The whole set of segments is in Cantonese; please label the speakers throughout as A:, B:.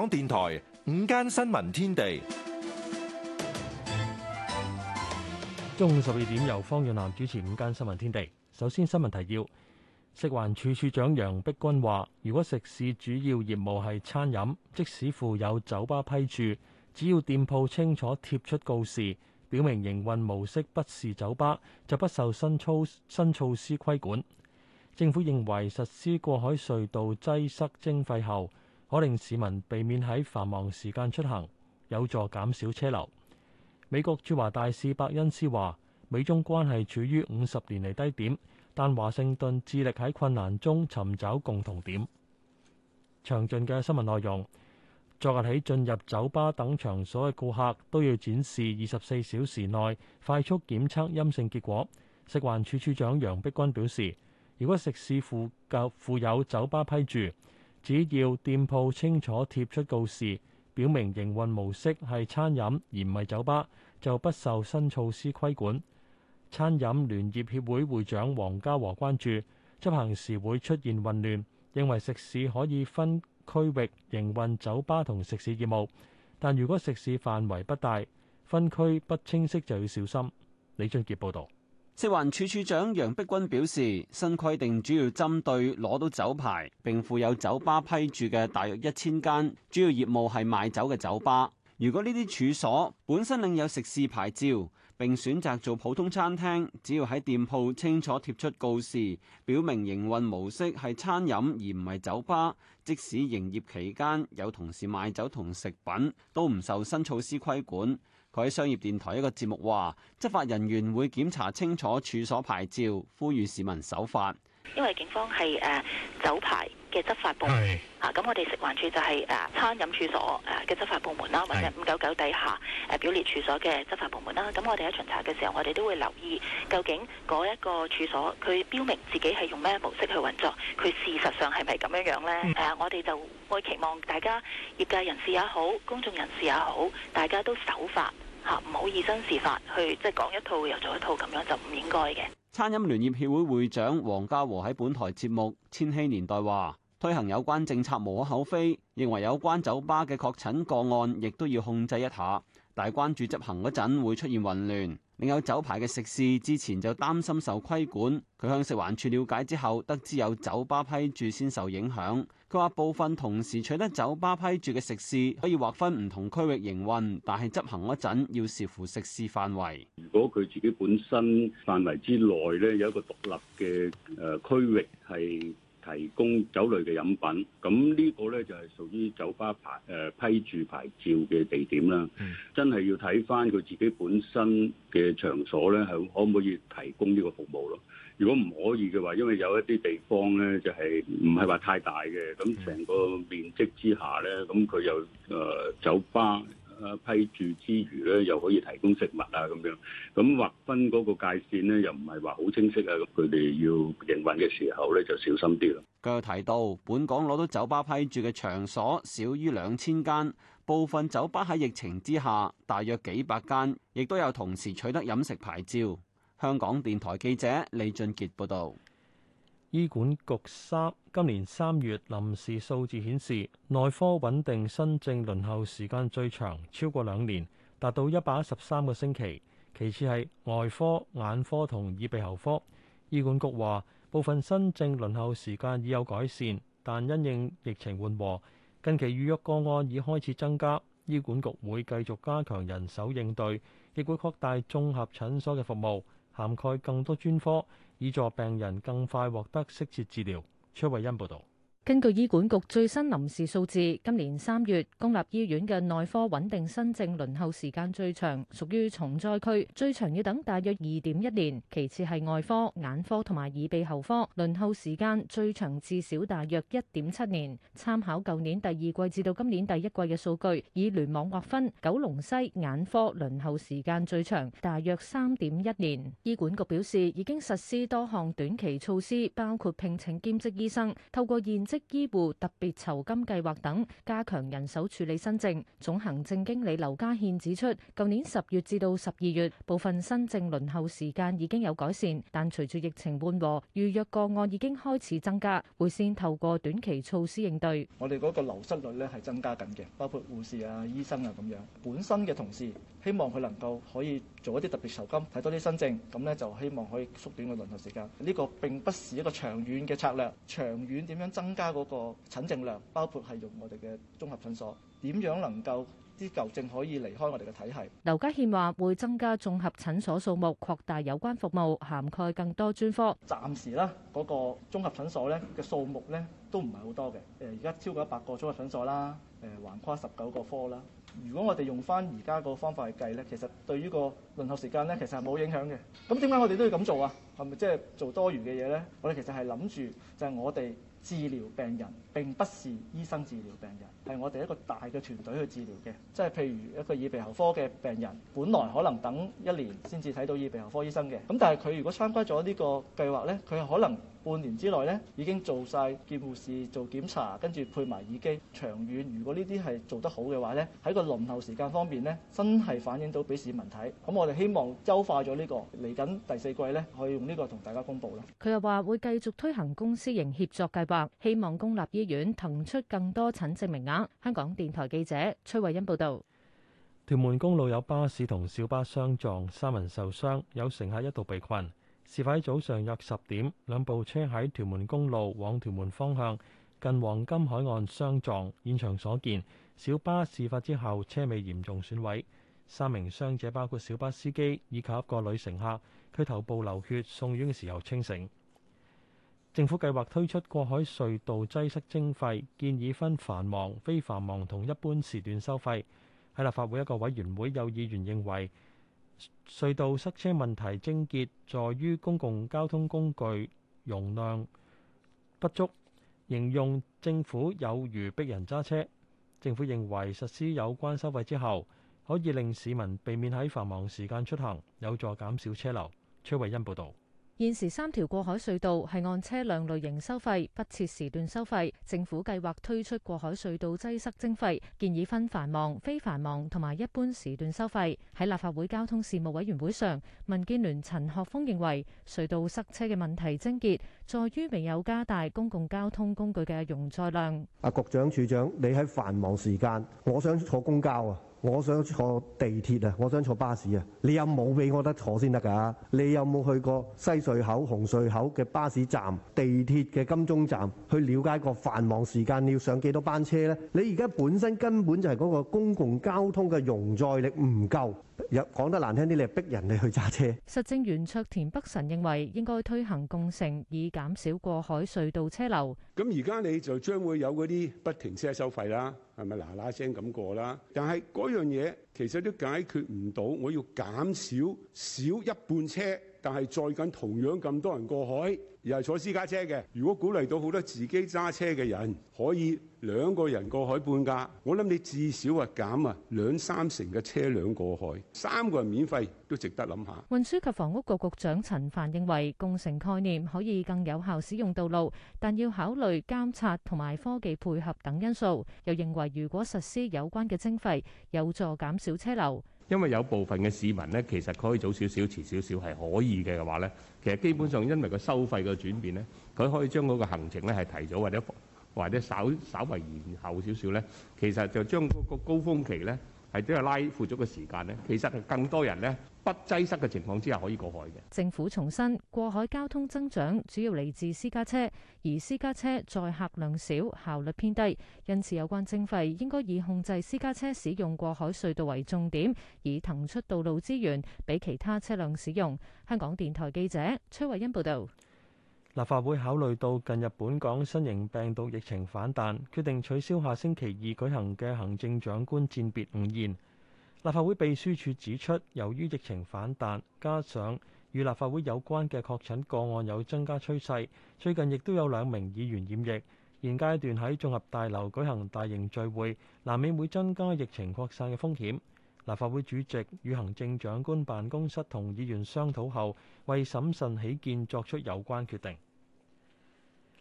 A: 香港電台午間新聞天地，中午十二點由方潤南主持《午間新聞天地》。首先新聞提要：食環署署長楊碧君話，如果食肆主要業務係餐飲，即使附有酒吧批注，只要店鋪清楚貼出告示，表明營運模式不是酒吧，就不受新措新措施規管。政府認為實施過海隧道擠塞徵費後，可令市民避免喺繁忙時間出行，有助減少車流。美國駐華大使伯恩斯話，美中關係處於五十年嚟低點，但華盛頓致力喺困難中尋找共同點。詳盡嘅新聞內容。昨日起進入酒吧等場所嘅顧客都要展示二十四小時內快速檢測陰性結果。食環署署長楊碧君表示：如果食肆附夠附有酒吧批注。只要店鋪清楚貼出告示，表明營運模式係餐飲而唔係酒吧，就不受新措施規管。餐飲聯業協會會長黃家和關注，執行時會出現混亂，認為食肆可以分區域營運酒吧同食肆業務，但如果食肆範圍不大，分區不清晰就要小心。李俊傑報導。
B: 食環署署長楊碧君表示，新規定主要針對攞到酒牌並附有酒吧批注嘅大約一千間，主要業務係賣酒嘅酒吧。如果呢啲處所本身領有食肆牌照，並選擇做普通餐廳，只要喺店鋪清楚貼出告示，表明營運模式係餐飲而唔係酒吧，即使營業期間有同時賣酒同食品，都唔受新措施規管。喺商業電台一個節目話，執法人員會檢查清楚處所牌照，呼籲市民守法。
C: 因為警方係誒酒牌嘅執法部門啊，咁的我哋食環處就係誒餐飲處所誒嘅執法部門啦，的或者五九九底下誒表列處所嘅執法部門啦。咁我哋喺巡查嘅時候，我哋都會留意究竟嗰一個處所佢標明自己係用咩模式去運作，佢事實上係咪咁樣樣咧？係、嗯、我哋就會期望大家業界人士也好，公眾人士也好，大家都守法。唔好以身試法，去即係講一套又做一套咁樣就唔應該
B: 嘅。餐飲聯業協會會長黃家和喺本台節目《千禧年代》話推行有關政策無可厚非，認為有關酒吧嘅確診個案亦都要控制一下，但係關注執行嗰陣會出現混亂。另有酒牌嘅食肆之前就擔心受規管，佢向食環署了解之後得知有酒吧批注先受影響，佢話部分同時取得酒吧批注嘅食肆可以劃分唔同區域營運，但係執行嗰陣要視乎食肆範圍，
D: 如果佢自己本身範圍之內咧，有一個獨立嘅誒區域係。提供酒類嘅飲品，咁呢個呢就係、是、屬於酒吧牌誒、呃、批注牌照嘅地點啦。 真係要睇翻佢自己本身嘅場所呢，係可唔可以提供呢個服務咯？如果唔可以嘅話，因為有一啲地方呢就係唔係話太大嘅，咁成個面積之下呢，咁佢又誒酒吧。誒批住之餘咧，又可以提供食物啊咁樣，咁劃分嗰個界線呢，又唔係話好清晰啊！咁佢哋要營運嘅時候咧，就小心啲啦。
B: 佢又提到，本港攞到酒吧批住嘅場所少於兩千間，部分酒吧喺疫情之下大約幾百間，亦都有同時取得
A: 飲食牌照。香港電台記者李俊傑報道。醫管局三今年三月臨時數字顯示，內科穩定新症輪候時間最長，超過兩年，達到一百一十三個星期。其次係外科、眼科同耳鼻喉科。醫管局話，部分新症輪候時間已有改善，但因應疫情緩和，近期預約個案已開始增加。醫管局會繼續加強人手應對，亦會擴大綜合診所嘅服務，涵蓋更多專科。以助病人更快獲得適切治療，崔慧欣報道。
C: 根據醫管局最新臨時數字，今年三月公立醫院嘅內科穩定新症輪候時間最長，屬於重災區，最長要等大約二點一年。其次係外科、眼科同埋耳鼻喉科，輪候時間最長至少大約一點七年。參考舊年第二季至到今年第一季嘅數據，以聯網劃分，九龍西眼科輪候時間最長，大約三點一年。醫管局表示已經實施多項短期措施，包括聘請兼職醫生，透過現職醫護特別酬金計劃等加強人手處理新症。總行政經理劉家憲指出，舊年十月至到十二月，部分新症輪候時間已經有改善，但隨住疫情緩和，預約個案已經開始增加。會先透過短期措施應對。
E: 我哋嗰個流失率咧係增加緊嘅，包括護士啊、醫生啊咁樣，本身嘅同事。希望佢能夠可以做一啲特別酬金，睇多啲新症，咁咧就希望可以縮短個輪候時間。呢個並不是一個長遠嘅策略，長遠點樣增加嗰個診症量，包括係用我哋嘅綜合診所，點樣能夠啲舊症可以離開我哋嘅體系？
C: 劉家獻話：會增加綜合診所數目，擴大有關服務，涵蓋更多專科。暫時
E: 啦，嗰個綜合診所咧嘅數目咧都唔係好多嘅。誒而家超過一百個綜合診所啦，誒橫跨十九個科啦。如果我哋用翻而家個方法去計呢，其實對於個輪候時間呢，其實係冇影響嘅。咁點解我哋都要咁做啊？係咪即係做多餘嘅嘢呢？我哋其實係諗住就係我哋治療病人，並不是醫生治療病人，係我哋一個大嘅團隊去治療嘅。即係譬如一個耳鼻喉科嘅病人，本來可能等一年先至睇到耳鼻喉科醫生嘅，咁但係佢如果參加咗呢個計劃呢，佢可能，半年之內呢，已經做晒見護士做檢查，跟住配埋耳機。長遠如果呢啲係做得好嘅話呢，喺個輪候時間方面呢，真係反映到俾市民睇。咁、嗯、我哋希望優化咗呢、這個，嚟緊第四季呢，可以用呢個同大家公布啦。
C: 佢又話會繼續推行公私營協作計劃，希望公立醫院騰出更多診症名額。香港電台記者崔慧欣報道，
A: 屯門公路有巴士同小巴相撞，三人受傷，有乘客一度被困。事發喺早上約十點，兩部車喺屯門公路往屯門方向近黃金海岸相撞。現場所見，小巴事發之後車尾嚴重損毀，三名傷者包括小巴司機以及一個女乘客，佢頭部流血，送院嘅時候清醒。政府計劃推出過海隧道擠塞徵，徵，徵費，建議分繁忙、非繁忙同一般時段收費。喺立法會一個委員會，有議員認為，隧道塞車問題症結在於公共交通工具容量不足，形容政府有如逼人揸車。政府認為實施有關收費之後，可以令市民避免喺繁忙時間出行，有助減少車流。崔慧欣報導。
C: 現時三條過海隧道係按車輛類型收費，不設時段收費。政府計劃推出過海隧道擠塞徵費，建議分繁忙、非繁忙同埋一般時段收費。喺立法會交通事務委員會上，民建聯陳學鋒認為隧道塞車嘅問題症結在於未有加大公共交通工具嘅容載量。
F: 阿局長、處長，你喺繁忙時間，我想坐公交啊！我想坐地鐵啊，我想坐巴士啊，你有冇俾我得
A: 坐先得㗎？你有冇去過西隧口、紅隧口嘅巴士站、地鐵嘅
F: 金鐘站，去了解過繁忙時間，你要上幾多班車呢？你而家本身根本就係嗰個公共交通嘅容載力唔夠。入講得難聽啲，你係逼人哋去揸車。
C: 實政圓桌田北辰認為應該推行共乘，以減少過海隧道車流。
B: 咁而家你就將會有嗰啲不停車收費啦，係咪嗱嗱聲咁過啦？但係嗰樣嘢其實都解決唔到，我要減少少一半車，但係載緊同樣咁多人過海。又係坐私家車嘅。如果鼓勵到好多自己揸車嘅人可以兩個人過海半價，我諗你至少啊減啊兩三成嘅車輛過海，三個人免費都值得諗下。
C: 運輸及房屋局局長陳帆認為，共乘概念可以更有效使用道路，但要考慮監察同埋科技配合等因素。又認為如果實施有關嘅徵費，有助減少車流。
G: 因為有部分嘅市民咧，其實佢可以早少少、遲少少係可以嘅話咧，其實基本上因為個收費嘅轉變咧，佢可以將嗰個行程咧係提早或者或者稍稍為延後少少咧，其實就將嗰個高峰期咧，係都要拉闊咗嘅時間咧，其實係更多人咧不擠塞嘅情況之下可以過海嘅。
C: 政府重申，過海交通增長主要嚟自私家車，而私家車載客量少、效率偏低，因此有關徵費應該以控制私家車使用過海隧道為重點，以騰出道路資源俾其他車輛使用。香港電台記者崔慧欣報道。
A: 立法會考慮到近日本港新型病毒疫情反彈，決定取消下星期二舉行嘅行政長官餞別午宴。立法會秘書處指出，由於疫情反彈，加上與立法會有關嘅確診個案有增加趨勢，最近亦都有兩名議員染疫。現階段喺綜合大樓舉行大型聚會，難免會增加疫情擴散嘅風險。立法會主席與行政長官辦公室同議員商討後，為審慎起見作出有關決定。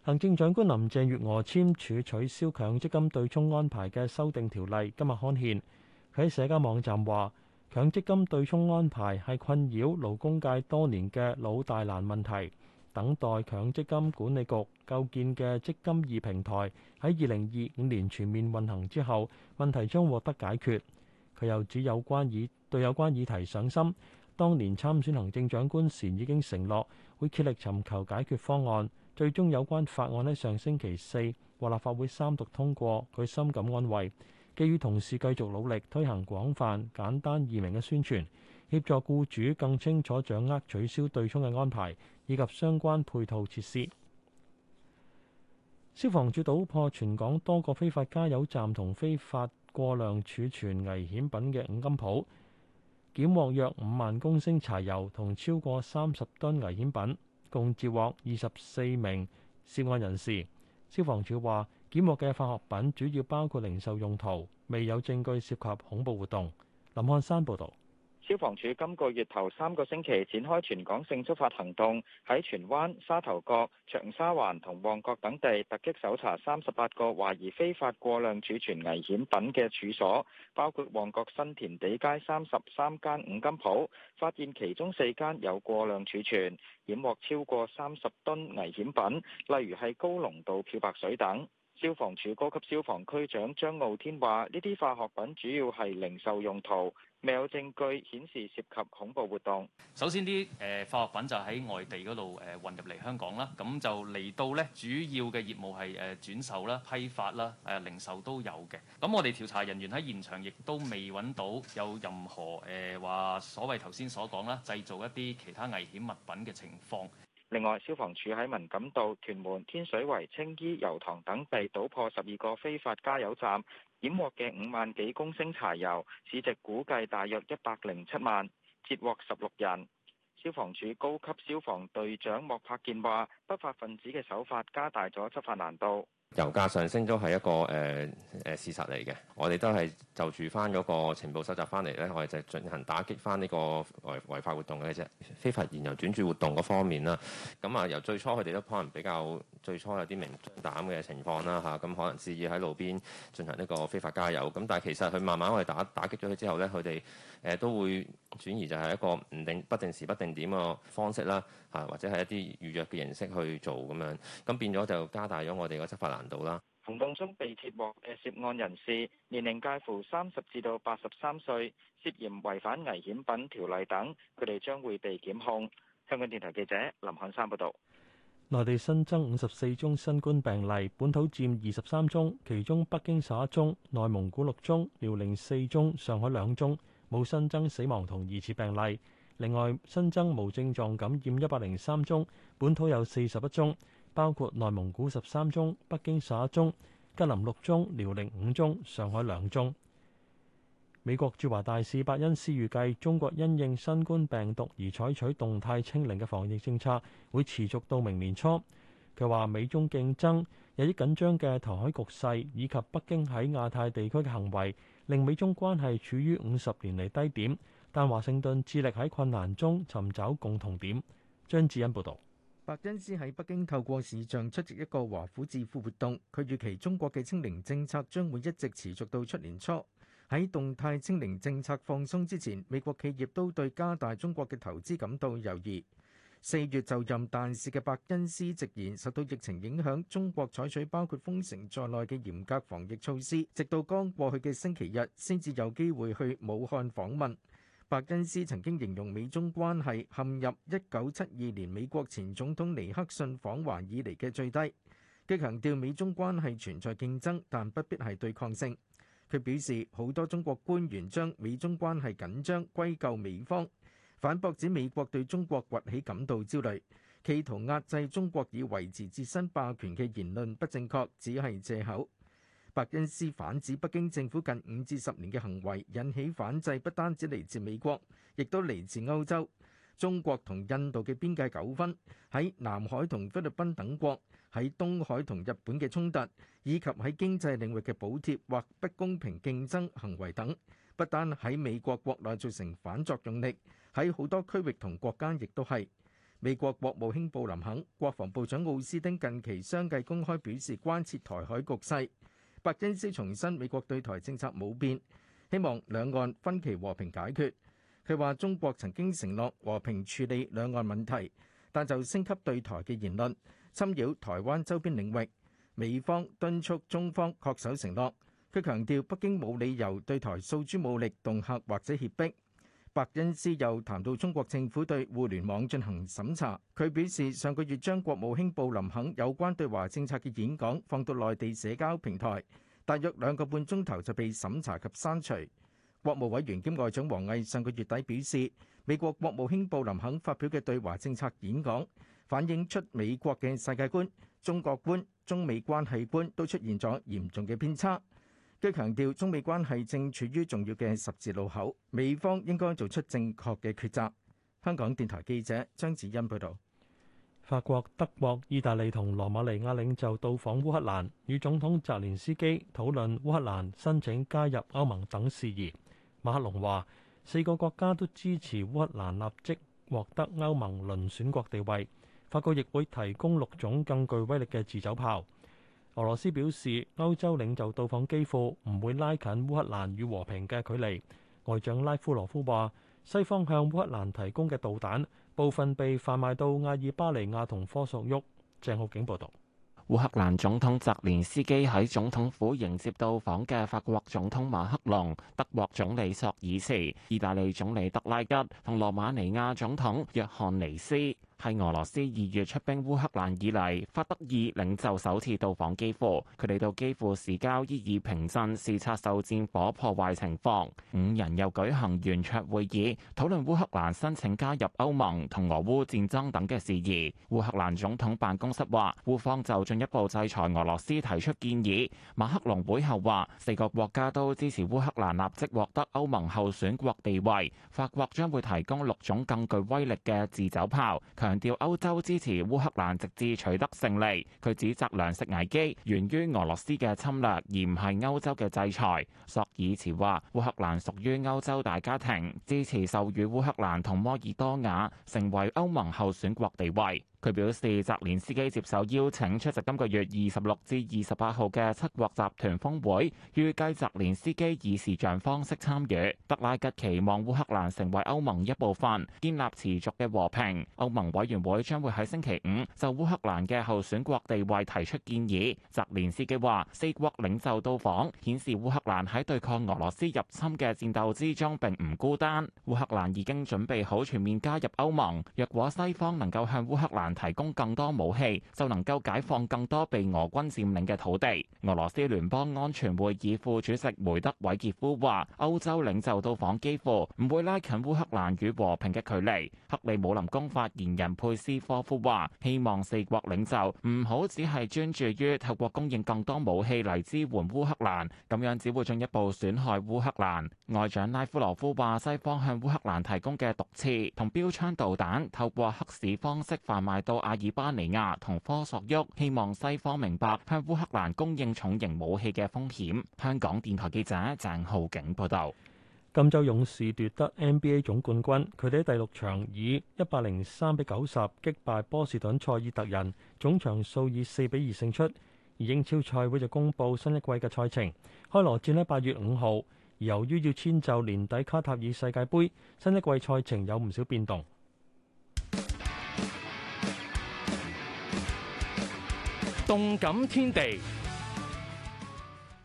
A: 行政長官林鄭月娥簽署取消強積金對沖安排嘅修訂條例，今日刊憲。佢喺社交網站話：強積金對沖安排係困擾勞工界多年嘅老大難問題，等待強積金管理局構建嘅積金二平台喺二零二五年全面運行之後，問題將獲得解決。佢又指有關議對有關議題上心，當年參選行政長官時已經承諾會竭力尋求解決方案。最終有關法案喺上星期四獲立法會三讀通過，佢深感安慰。寄語同事繼續努力推行廣泛簡單易明嘅宣傳，協助僱主更清楚掌握取消對沖嘅安排以及相關配套設施。消防處搗破全港多個非法加油站同非法過量儲存危險品嘅五金鋪，檢獲約五萬公升柴油同超過三十噸危險品，共接獲二十四名涉案人士。消防處話，檢獲嘅化學品主要包括零售用途，未有證據涉及恐怖活動。林漢山報道。
H: 消防處今個月頭三個星期展開全港性執法行動，喺荃灣、沙頭角、長沙灣同旺角等地突擊搜查三十八個懷疑非法過量儲存危險品嘅處所，包括旺角新填地街三十三間五金鋪，發現其中四間有過量儲存，檢獲超過三十噸危險品，例如係高濃度漂白水等。消防處高級消防區長張傲天話：呢啲化學品主要係零售用途，未有證據顯示涉及恐怖活動。
G: 首先啲誒化學品就喺外地嗰度誒運入嚟香港啦，咁就嚟到咧，主要嘅業務係誒轉售啦、批發啦、誒零售都有嘅。咁我哋調查人員喺現場亦都未揾到有任何誒話所謂頭先所講啦，製造一啲其他危險物品嘅情況。
H: 另外，消防處喺文錦道、屯門、天水圍、青衣、油塘等地，地搗破十二個非法加油站，檢獲嘅五萬幾公升柴油，市值估計大約一百零七萬，截獲十六人。消防處高級消防隊長莫柏健話，不法分子嘅手法加大咗執法難度。
F: 油價上升都係一個誒誒、呃呃、事實嚟嘅，我哋都係就住翻嗰個情報收集翻嚟咧，我哋就進行打擊翻呢個違違法活動嘅啫，就是、非法燃油轉注活動嗰方面啦。咁啊、呃，由最初佢哋都可能比較最初有啲明膽嘅情況啦嚇，咁、啊、可能肆意喺路邊進行呢個非法加油。咁但係其實佢慢慢我哋打打擊咗佢之後咧，佢哋誒都會。轉移就係一個唔定不定時不定點嘅方式啦，啊或者係一啲預約嘅形式去做咁樣，咁變咗就加大咗我哋個執法難度啦。
H: 行動中被截獲嘅涉案人士，年齡介乎三十至到八十三歲，涉嫌違反危險品條例等，佢哋將會被檢控。香港電台記者林漢山報導。
A: 內地新增五十四宗新冠病例，本土佔二十三宗，其中北京十一宗，內蒙古六宗，遼寧四宗，上海兩宗。冇新增死亡同疑似病例。另外新增無症狀感染一百零三宗，本土有四十一宗，包括內蒙古十三宗、北京十一宗、吉林六宗、遼寧五宗、上海兩宗。美國駐華大使伯恩斯預計，中國因應新冠病毒而採取動態清零嘅防疫政策，會持續到明年初。佢話，美中競爭有啲緊張嘅台海局勢，以及北京喺亞太地區嘅行為。令美中關係處於五十年嚟低點，但華盛頓致力喺困難中尋
I: 找共同點。張智恩報導，白恩斯喺北京透過視像出席一個華府智庫活動。佢預期中國嘅清零政策將會一直持續到出年初。喺動態清零政策放鬆之前，美國企業都對加大中國嘅投資感到猶豫。四月就任大使嘅白恩斯直言，受到疫情影響，中國採取包括封城在內嘅嚴格防疫措施，直到剛過去嘅星期日先至有機會去武漢訪問。白恩斯曾經形容美中關係陷入一九七二年美國前總統尼克遜訪華以嚟嘅最低。佢強調美中關係存在競爭，但不必係對抗性。佢表示，好多中國官員將美中關係緊張歸咎美方。反駁指美國對中國崛起感到焦慮，企圖壓制中國以維持自身霸權嘅言論不正確，只係借口。白金斯反指北京政府近五至十年嘅行為引起反制，不單止嚟自美國，亦都嚟自歐洲。中國同印度嘅邊界糾紛，喺南海同菲律賓等國，喺東海同日本嘅衝突，以及喺經濟領域嘅補貼或不公平競爭行為等，不單喺美國國內造成反作用力。喺好多區域同國家亦都係，美國國務卿布林肯、國防部長奧斯汀近期相繼公開表示關切台海局勢。白登斯重申美國對台政策冇變，希望兩岸分歧和平解決。佢話中國曾經承諾和平處理兩岸問題，但就升級對台嘅言論，侵擾台灣周邊領域，美方敦促中方恪守承諾。佢強調北京冇理由對台訴諸武力、恫嚇或者脅迫。白恩斯又談到中國政府對互聯網進行審查，佢表示上個月將國務卿布林肯有關對華政策嘅演講放到內地社交平台，大約兩個半鐘頭就被審查及刪除。國務委員兼外長王毅上個月底表示，美國國務卿布林肯發表嘅對華政策演講，反映出美國嘅世界觀、中國觀、中美關係觀都出現咗嚴重嘅偏差。佢強調，中美關係正處於重要嘅十字路口，美方應該做出正確嘅抉擇。香港電台記者張子欣報道，法國、德國、意大利同羅馬尼亞領
A: 袖到訪烏克蘭，與總統澤連斯基討論烏克蘭申請加入歐盟等事宜。馬克龍話：四個國家都支持烏克蘭立即獲得歐盟輪選國地位。法國亦會提供六種更具威力嘅自走炮。俄羅斯表示，歐洲領袖到訪基輔唔會拉近烏克蘭與和平嘅距離。外長拉夫羅夫話：西方向烏克蘭提供嘅導彈，部分被販賣到阿爾巴尼亞同科索沃。鄭浩景報導。烏
J: 克蘭總統澤連斯基喺總統府迎接到訪嘅法國總統馬克龍、德國總理朔爾茨、意大利總理德拉吉同羅馬尼亞總統約翰尼斯。喺俄羅斯二月出兵烏克蘭以嚟，法德意領袖首次到訪基輔，佢哋到基輔市郊伊爾平鎮視察受戰火破壞情況。五人又舉行圓桌會議，討論烏克蘭申請加入歐盟同俄烏戰爭等嘅事宜。烏克蘭總統辦公室話，烏方就進一步制裁俄羅斯提出建議。馬克龍會後話，四個國家都支持烏克蘭立即獲得歐盟候選國地位。法國將會提供六種更具威力嘅自走炮。強調歐洲支持烏克蘭直至取得勝利。佢指責糧食危機源於俄羅斯嘅侵略，而唔係歐洲嘅制裁。索爾茨話：烏克蘭屬於歐洲大家庭，支持授予烏克蘭同摩爾多瓦成為歐盟候選國地位。佢表示澤連斯基接受邀請出席今個月二十六至二十八號嘅七國集團峰會，預計澤連斯基以視像方式參與。德拉吉期望烏克蘭成為歐盟一部分，建立持續嘅和平。歐盟委員會將會喺星期五就烏克蘭嘅候選國地位提出建議。澤連斯基話：四國領袖到訪顯示烏克蘭喺對抗俄羅斯入侵嘅戰鬥之中並唔孤單。烏克蘭已經準備好全面加入歐盟。若果西方能夠向烏克蘭提供更多武器，就能夠解放更多被俄軍佔領嘅土地。俄羅斯聯邦安全會議副主席梅德韋傑夫話，歐洲領袖到訪幾乎唔會拉近烏克蘭與和平嘅距離。克里姆林宮發言人佩斯科夫話，希望四國領袖唔好只係專注於透過供應更多武器嚟支援烏克蘭，咁樣只會進一步損害烏克蘭。外長拉夫羅夫話，西方向烏克蘭提供嘅毒刺同標槍導彈，透過黑市方式販賣。到阿爾巴尼亞同科索沃，希望西方明白向烏克蘭供應重型武器嘅風險。香港電台記者鄭浩
A: 景報道。金州勇士奪得 NBA 總冠軍，佢哋喺第六場以一百零三比九十擊敗波士頓塞爾特人，總場數以四比二勝出。而英超賽會就公布新一季嘅賽程，開鑼戰喺八月五號。由於要遷就年底卡塔爾世界盃，新一季賽程有唔少變動。
F: 動
G: 感天地，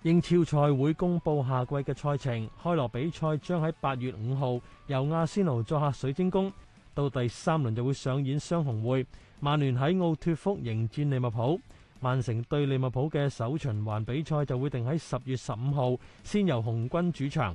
A: 英超賽會公布下季嘅賽程，開鑼比賽將喺八月五號由阿仙奴作客水晶宮，到第三輪就會上演雙紅會，曼聯喺奧脫福迎戰利物浦，曼城對利物浦嘅首循環比賽就會定喺十月十五號，先由紅軍主場。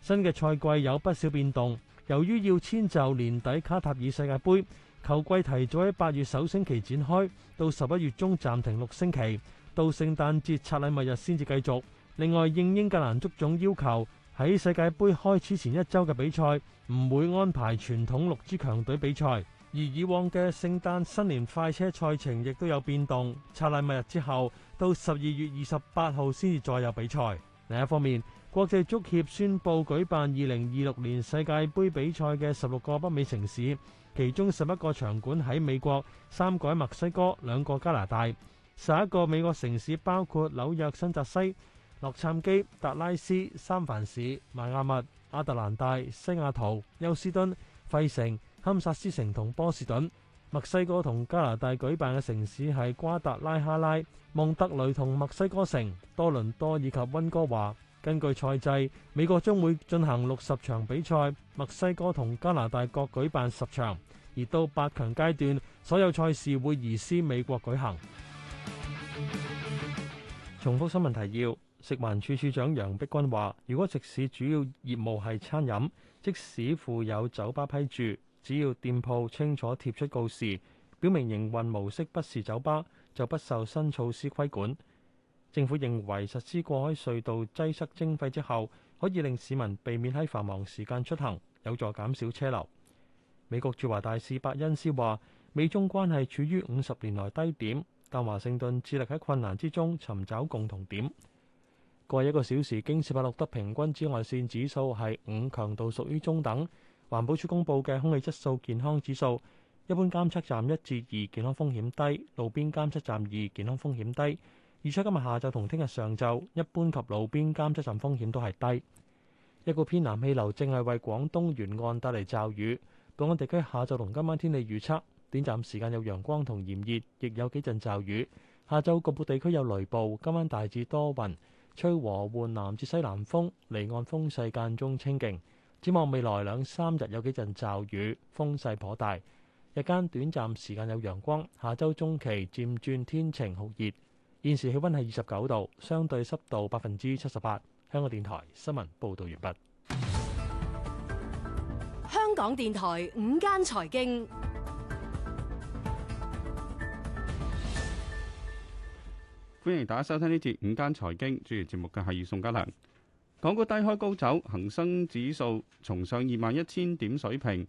A: 新嘅賽季有不少變動，由於要遷就年底卡塔爾世界盃。球季提早喺八月首星期展開，到十一月中暫停六星期，到聖誕節拆禮物日先至繼續。另外，應英格蘭足總要求，喺世界盃開始前一周嘅比賽唔會安排傳統六支強隊比賽，而以往嘅聖誕新年快車賽程亦都有變動。拆禮物日之後，到十二月二十八號先至再有比賽。另一方面，國際足協宣布舉辦二零二六年世界盃比賽嘅十六個北美城市。其中十一個場館喺美國，三個喺墨西哥，兩個加拿大。十一個美國城市包括紐約、新澤西、洛杉磯、達拉斯、三藩市、邁阿密、亞特蘭大、西雅圖、休斯敦、費城、堪薩斯城同波士頓。墨西哥同加拿大舉辦嘅城市係瓜達拉哈拉、蒙特雷同墨西哥城、多倫多以及溫哥華。根據賽制，美國將會進行六十場比賽，墨西哥同加拿大各舉辦十場，而到八強階段，所有賽事會移師美國舉行。重複新聞提要，食環署署長楊碧君話，如果食肆主要業務係餐飲，即使附有酒吧批注，只要店鋪清楚貼出告示，表明營運模式不是酒吧，就不受新措施規管。政府認為實施過海隧道擠塞徵費之後，可以令市民避免喺繁忙時間出行，有助減少車流。美國駐華大使伯恩斯話，美中關係處於五十年來低點，但華盛頓致力喺困難之中尋找共同點。過一個小時，京士柏錄得平均紫外線指數係五強度，屬於中等。環保署公佈嘅空氣質素健康指數，一般監測站一至二健康風險低，路邊監測站二健康風險低。預測今日下晝同聽日上晝一般及，及路邊監測站風險都係低。一個偏南氣流正係為廣東沿岸帶嚟驟雨。本港地區下晝同今晚天氣預測短暫時間有陽光同炎熱，亦有幾陣驟雨。下晝局部地區有雷暴，今晚大致多雲，吹和緩南至西南風，離岸風勢間中清勁。展望未來兩三日有幾陣驟雨，風勢頗大。日間短暫時間有陽光，下晝中期漸轉天晴酷熱。現時氣溫係二十九度，相對濕度百分之七十八。香港電台新聞報道完畢。
C: 香港電台午間財經，
D: 歡迎大家收聽呢節午間財經主持節目嘅係宋家良。港股低開高，高走，恒生指數重上二萬一千點水平。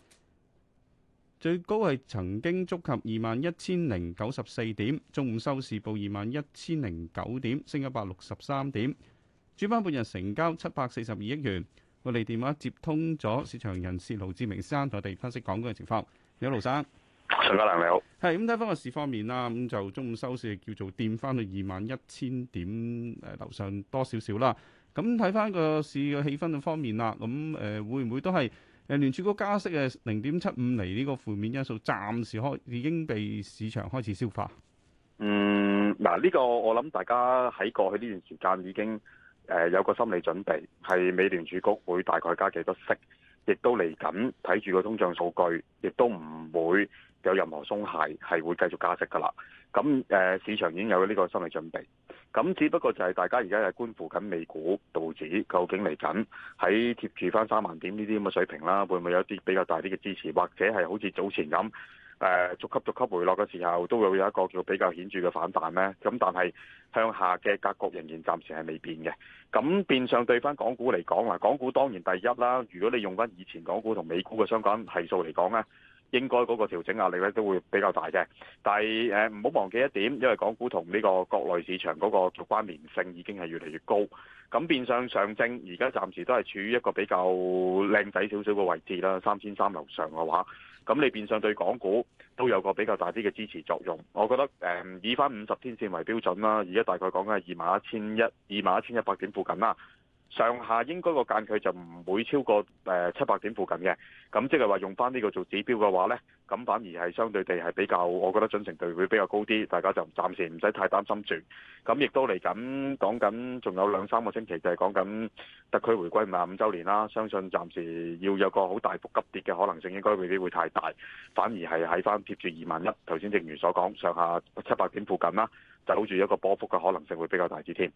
D: 最高係曾經觸及二萬一千零九十四點，中午收市報二萬一千零九點，升一百六十三點。主板半日成交七百四十二億元。我哋電話接通咗市場人士盧志明先生同我哋分析港股嘅情況。你好，盧生。陳家良你好。係咁睇翻個市方面啦，咁就中午收市叫做掂翻去二萬一千點誒樓上多少少啦。咁睇翻個市嘅氣氛嘅方面啦，咁誒會唔會都係？誒，聯儲局加息誒零點七五厘呢個負面因素，暫時開已經被市場開始消化。
G: 嗯，嗱、這、呢個我諗大家喺過去呢段時間已經誒有個心理準備，係美聯儲局會大概加幾多息，亦都嚟緊睇住個通脹數據，亦都唔會有任何鬆懈，係會繼續加息㗎啦。咁誒、呃，市場已經有呢個心理準備。咁只不過就係大家而家係觀乎緊美股道指，導致究竟嚟緊喺貼住翻三萬點呢啲咁嘅水平啦，會唔會有啲比較大啲嘅支持，或者係好似早前咁誒、呃、逐級逐級回落嘅時候，都會有一個叫比較顯著嘅反彈呢。咁但係向下嘅格局仍然暫時係未變嘅。咁變相對翻港股嚟講，嗱，港股當然第一啦。如果你用翻以前港股同美股嘅相關係數嚟講呢。應該嗰個調整壓力咧都會比較大嘅。但係誒唔好忘記一點，因為港股同呢個國內市場嗰個關聯性已經係越嚟越高。咁變相上證而家暫時都係處於一個比較靚仔少少嘅位置啦，三千三樓上嘅話，咁你變相對港股都有個比較大啲嘅支持作用。我覺得誒、呃，以翻五十天線為標準啦，而家大概講緊係二萬一千一、二萬一千一百點附近啦。上下應該個間距就唔會超過誒七百點附近嘅，咁即係話用翻呢個做指標嘅話呢，咁反而係相對地係比較，我覺得準程度會比較高啲，大家就暫時唔使太擔心住。咁亦都嚟緊講緊，仲有兩三個星期就係講緊特區回歸二十五週年啦，相信暫時要有個好大幅急跌嘅可能性應該未必會太大，反而係喺翻貼住二萬一頭先，正如所講上下七百點附近啦，就好住一個波幅嘅可能性會比較大啲添。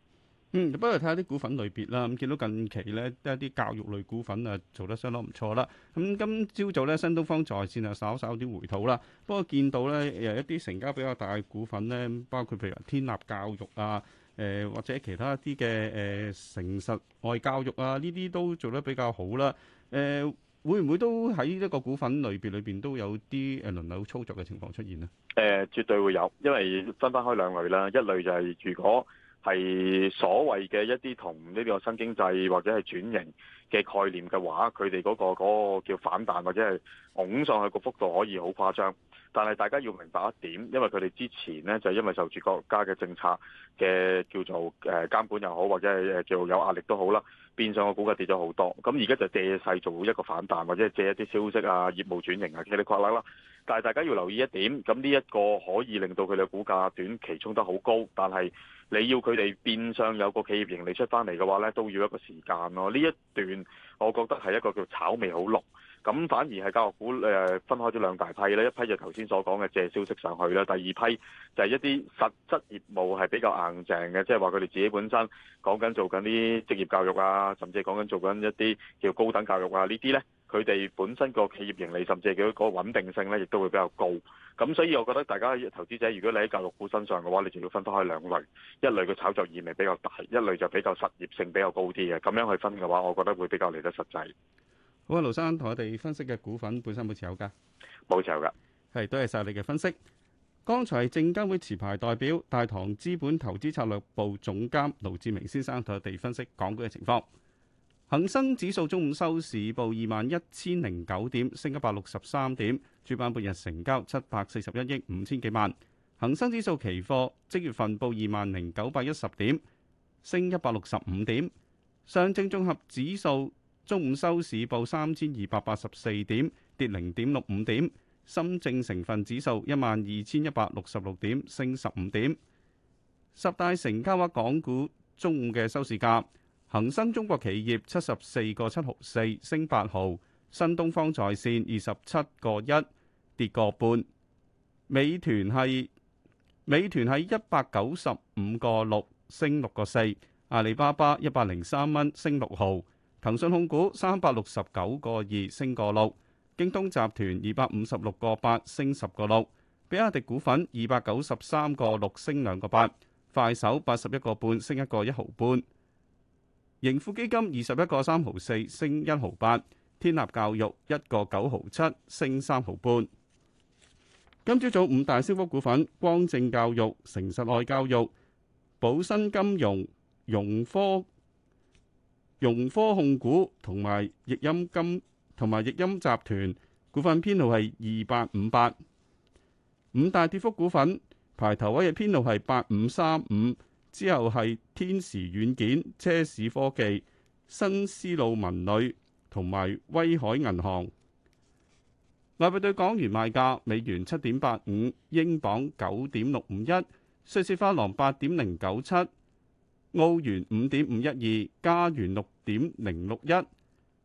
D: 嗯，不如睇下啲股份類別啦。咁、嗯、見到近期咧一啲教育類股份啊，做得相當唔錯啦。咁、嗯、今朝早咧新東方在線啊，稍稍有啲回吐啦。不過見到咧有一啲成交比較大嘅股份咧，包括譬如天立教育啊，誒、呃、或者其他一啲嘅誒成實外教育啊，呢啲都做得比較好啦，啊。誒、呃，會唔會都喺一個股份類別裏邊都有啲誒輪流操作嘅情況出現咧？
G: 誒、呃，絕對會有，因為分翻開兩類啦，一類就係如果。係所謂嘅一啲同呢個新經濟或者係轉型嘅概念嘅話，佢哋嗰個叫反彈或者係拱上去個幅度可以好誇張，但係大家要明白一點，因為佢哋之前呢，就因為受住國家嘅政策嘅叫做誒監管又好，或者係誒有壓力都好啦，變相個股價跌咗好多，咁而家就借勢做一個反彈，或者借一啲消息啊、業務轉型啊，奇力怪力啦。但係大家要留意一點，咁呢一個可以令到佢哋嘅股價短期衝得好高，但係你要佢哋變相有個企業盈利出翻嚟嘅話呢，都要一個時間咯。呢一段我覺得係一個叫炒味好濃，咁反而係教育股誒分開咗兩大批咧，一批就頭先所講嘅借消息上去啦，第二批就係一啲實質業務係比較硬淨嘅，即係話佢哋自己本身講緊做緊啲職業教育啊，甚至係講緊做緊一啲叫高等教育啊呢啲呢。佢哋本身個企業盈利，甚至係佢嗰個穩定性咧，亦都會比較高。咁所以，我覺得大家投資者，如果你喺教育股身上嘅話，你仲要分開兩類，一類嘅炒作意味比較大，一類就比較實業性比較高啲嘅。咁樣去分嘅話，我覺得會比較嚟得實際。
D: 好啊，盧生同我哋分析嘅股份本身冇持有噶，
G: 冇持有
D: 噶，係多謝晒你嘅分析。剛才係證監會持牌代表大堂資本投資策略部總監盧志明先生同我哋分析港股嘅情況。恒生指數中午收市報二萬一千零九點，升一百六十三點。主板半日成交七百四十一億五千幾萬。恒生指數期貨即月份報二萬零九百一十點，升一百六十五點。上證綜合指數中午收市報三千二百八十四點，跌零點六五點。深證成分指數一萬二千一百六十六點，升十五點。十大成交額港股中午嘅收市價。恒生中國企業七十四個七毫四升八毫，新東方在線二十七個一跌個半，美團係美團係一百九十五個六升六個四，阿里巴巴一百零三蚊升六毫，騰訊控股三百六十九個二升個六，京東集團二百五十六個八升十個六，比亞迪股份二百九十三個六升兩個八，快手八十一個半升一個一毫半。盈富基金二十一個三毫四升一毫八，天立教育一個九毫七升三毫半。今朝早五大升幅股份：光正教育、誠實愛教育、寶新金融、融科、融科控股同埋易鑫金同埋易鑫集團，股份編號係二八五八。五大跌幅股份排頭位嘅編號係八五三五。之後係天時軟件、車市科技、新絲路文旅同埋威海銀行。外匯對港元賣價：美元七點八五，英鎊九點六五一，瑞士法郎八點零九七，澳元五點五一二，加元六點零六一，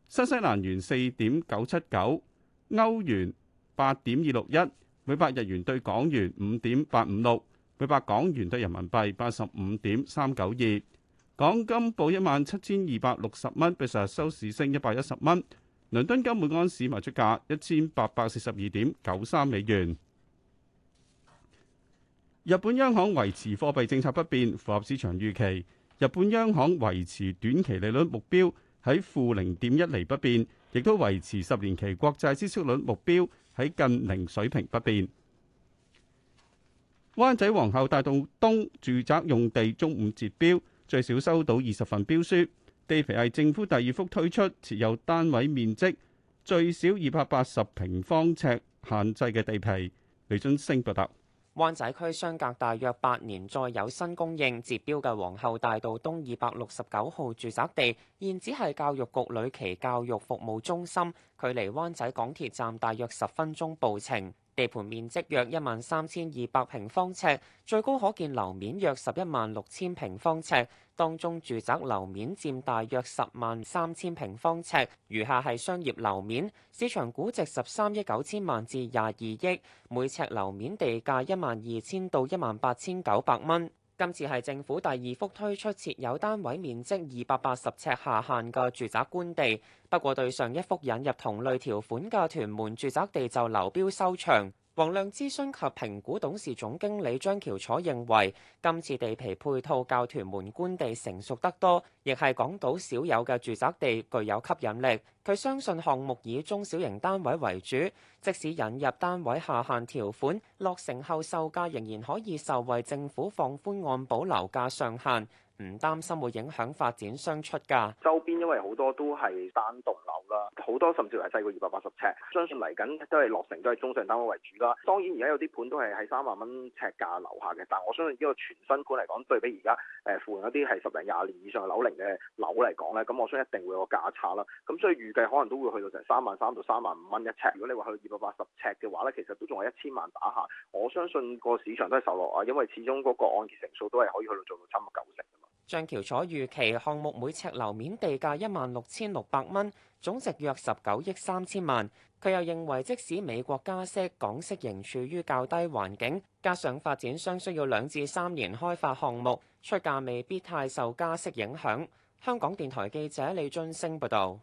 D: 新西蘭元四點九七九，歐元八點二六一，每百日元對港元五點八五六。每百港元兌人民幣八十五點三九二，港金報一萬七千二百六十蚊，比上日收市升一百一十蚊。倫敦金每盎司賣出價一千八百四十二點九三美元。日本央行維持貨幣政策不變，符合市場預期。日本央行維持短期利率目標喺負零點一厘不變，亦都維持十年期國債孳息率目標喺近零水平不變。灣仔皇后大道東住宅用地中午截標，最少收到二十份標書。地皮係政府第二幅推出設有單位面積最少二百八十平方尺限制嘅地皮。李津升報道。
F: 灣仔區相隔大約八年再有新供應，截標嘅皇后大道東二百六十九號住宅地現只係教育局呂祺教育服務中心，距離灣仔港鐵站大約十分鐘步程。地盤面積約一萬三千二百平方尺，最高可建樓面約十一萬六千平方尺，當中住宅樓面佔大約十萬三千平方尺，餘下係商業樓面。市場估值十三億九千萬至廿二億，每尺樓面地價一萬二千到一萬八千九百蚊。今次係政府第二幅推出設有單位面積二百八十呎下限嘅住宅官地，不過對上一幅引入同類條款嘅屯門住宅地就流標收場。黃亮諮詢及評估董事總經理張喬楚認為，今次地皮配套較屯門官地成熟得多，亦係港島少有嘅住宅地，具有吸引力。佢相信項目以中小型單位為主，即使引入單位下限條款，落成後售價仍然可以受惠政府放寬按保樓價上限。唔擔心會影響發展商出價。
H: 周邊因為好多都係
G: 單棟樓啦，好多甚至係細過二百八十尺。相信嚟緊都係落成都係中上單位為主啦。當然而家有啲盤都係喺三萬蚊尺價樓下嘅，但係我相信呢個全新盤嚟講，對比而家誒附近一啲係十零廿年以上樓齡嘅樓嚟講咧，咁我相信一定會有個價差啦。咁所以預計可能都會去到成三萬三到三萬五蚊一尺。如果你話去二百八十尺嘅話咧，其實都仲係一千萬打下。我相信個市場都係受落啊，因為始終嗰個按揭成數都係可以去
F: 到做到差唔多九成張橋楚預期項目每尺樓面地價一萬六千六百蚊，總值約十九億三千萬。佢又認為，即使美國加息，港息仍處於較低環境，加上發展商需要兩至三年開發項目，出價未必太受加息影響。香港電台記者李津升報道。